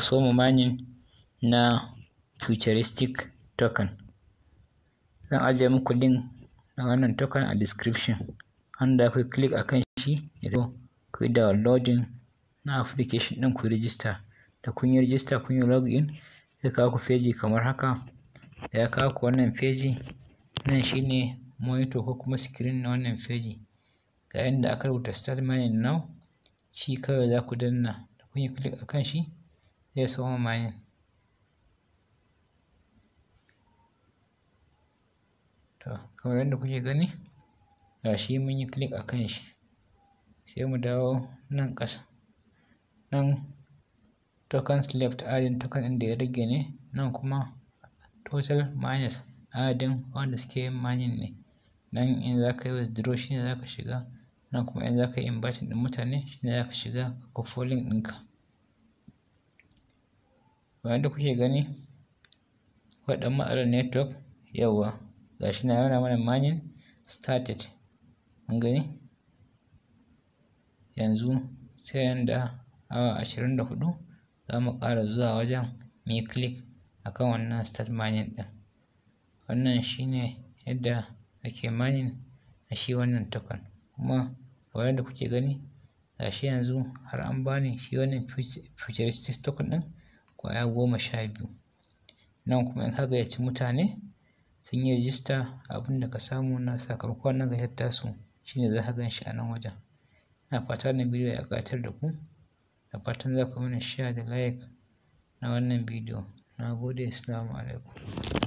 kusoma mining na futuristic token zan ajiye muku link na wannan token a description wanda ku click akan shi ya zo ku downloading na application ɗin ku register da kun yi register kun yi login zai kawo ku feji kamar haka da ya kawo ku wannan feji nan shine monitor ko kuma screen na wannan feji ga yanda aka rubuta start mining now shi kawai za ku danna da kun yi click akan shi Yes, online. To, kamar yadda kuke gani, ga shi mun yi click a kan shi. Sai mu dawo nan ƙasa. Nan tokens left adin token ɗin da ya rage ne, nan kuma total minus adadin wanda suke yin mining ne. Nan in za ka yi withdraw shi ne za ka shiga, nan kuma in za ka yi inviting ɗin mutane shi ne za ka shiga ka link ɗinka. kamar yadda kuke gani waɗannan ɗan network yawwa gashi na nuna mana mining started kun gani yanzu sai nan da awa ashirin da hudu za mu ƙara zuwa wajen mu yi click akan wannan start mining ɗin wannan shine yadda ake mining na shi wannan token kuma kamar yadda kuke gani gashi yanzu har an bani shi wannan futuristic token ɗin ƙwaya goma sha biyu nan kuma in ka gayyaci mutane sun yi rijista abin da ka samu na sakamakon na gayyatar su. shine za ka gan shi a nan wajen ina fata wannan bidiyo ya ƙayatar da ku da fatan za ku mana share da like na wannan bidiyo na gode assalamu alaikum